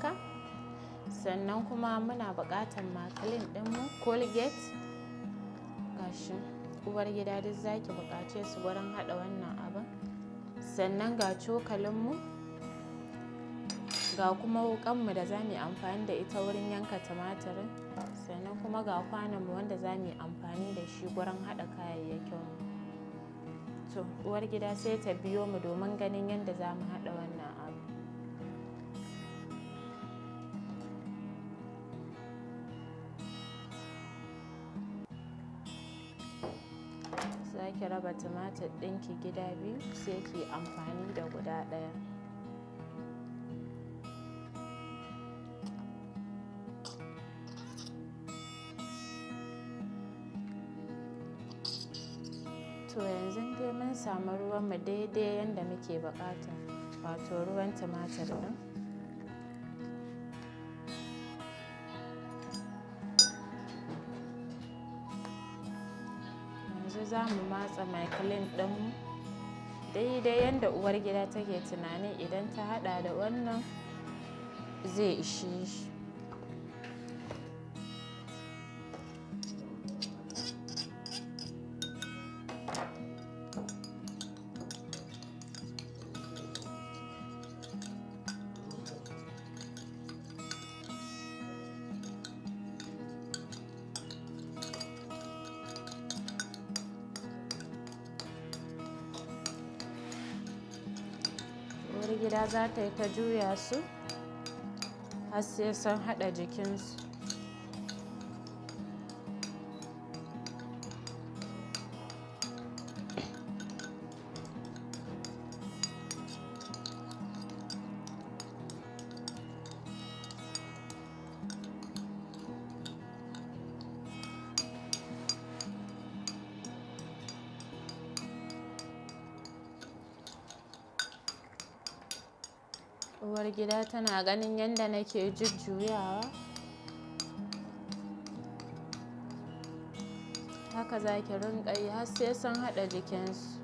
iska sannan kuma muna buƙatar makalin ɗinmu colgate gashi uwar gida duk zaki buƙace su wurin haɗa wannan abin sannan ga cokalinmu ga kuma wuƙanmu da za mu amfani da ita wurin yanka tumatirin sannan kuma ga kwanonmu wanda za mu amfani da shi wurin haɗa kayayyakinmu to uwar gida sai ta biyo mu domin ganin yadda za mu haɗa wannan za raba tumatir ɗinki gida biyu sai ki amfani da guda ɗaya to yanzu dai mun samu ruwanmu daidai yadda muke buƙata wato ruwan tumatir ɗin za mu matsa miclane ɗanmu daidai yadda uwar gida take tunani idan ta haɗa da wannan zai ishe shi Wani gida za ta yi ta juya su har sai sun haɗa jikinsu uwargida tana ganin yadda nake jujjuyawa haka za ki rinƙa yi har sai sun haɗa jikinsu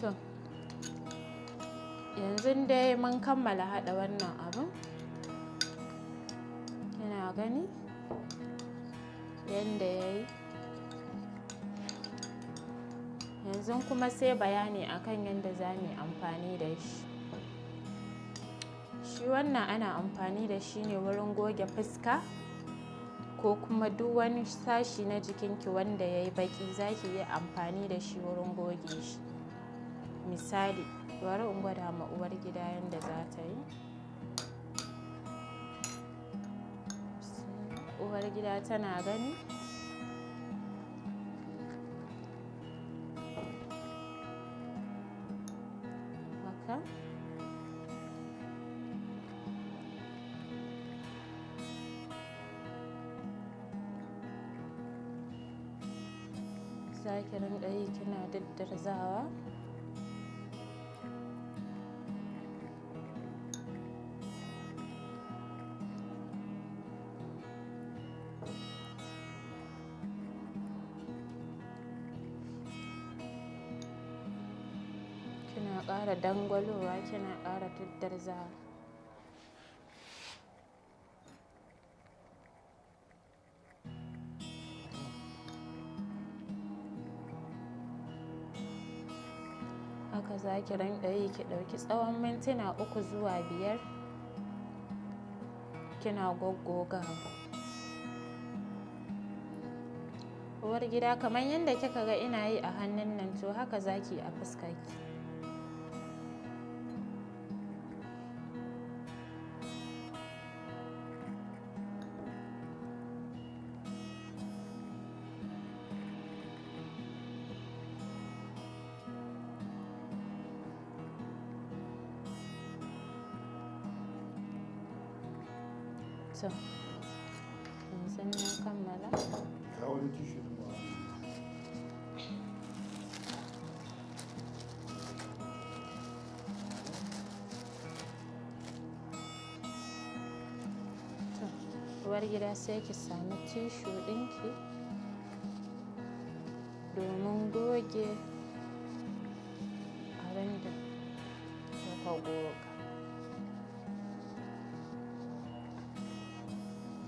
to yanzu dai mun kammala haɗa wannan abin Kina gani yadda ya yi yanzu kuma sai bayani akan yadda za mu yi amfani da shi shi wannan ana amfani da shi ne wurin goge fuska ko kuma duk wani sashi na jikinki wanda ya yi baki za ki yi amfani da shi wurin goge shi misali bari in gwada ma uwar gida yadda za ta yi uwar gida tana gani sake za ki rinƙa yi kina daddarzawa ƙara dangwalowa kina ƙara daddarzawa haka za ki yi ki ɗauki tsawon mintuna uku zuwa biyar kina goggogawa uwar gida kamar yadda kika ga ina yi a hannun nan to haka zaki a fuskarki To. Yanzu na kammala. Ka wani tushe uwar var sai ki sana tishu ɗinki domin goge abin da kuka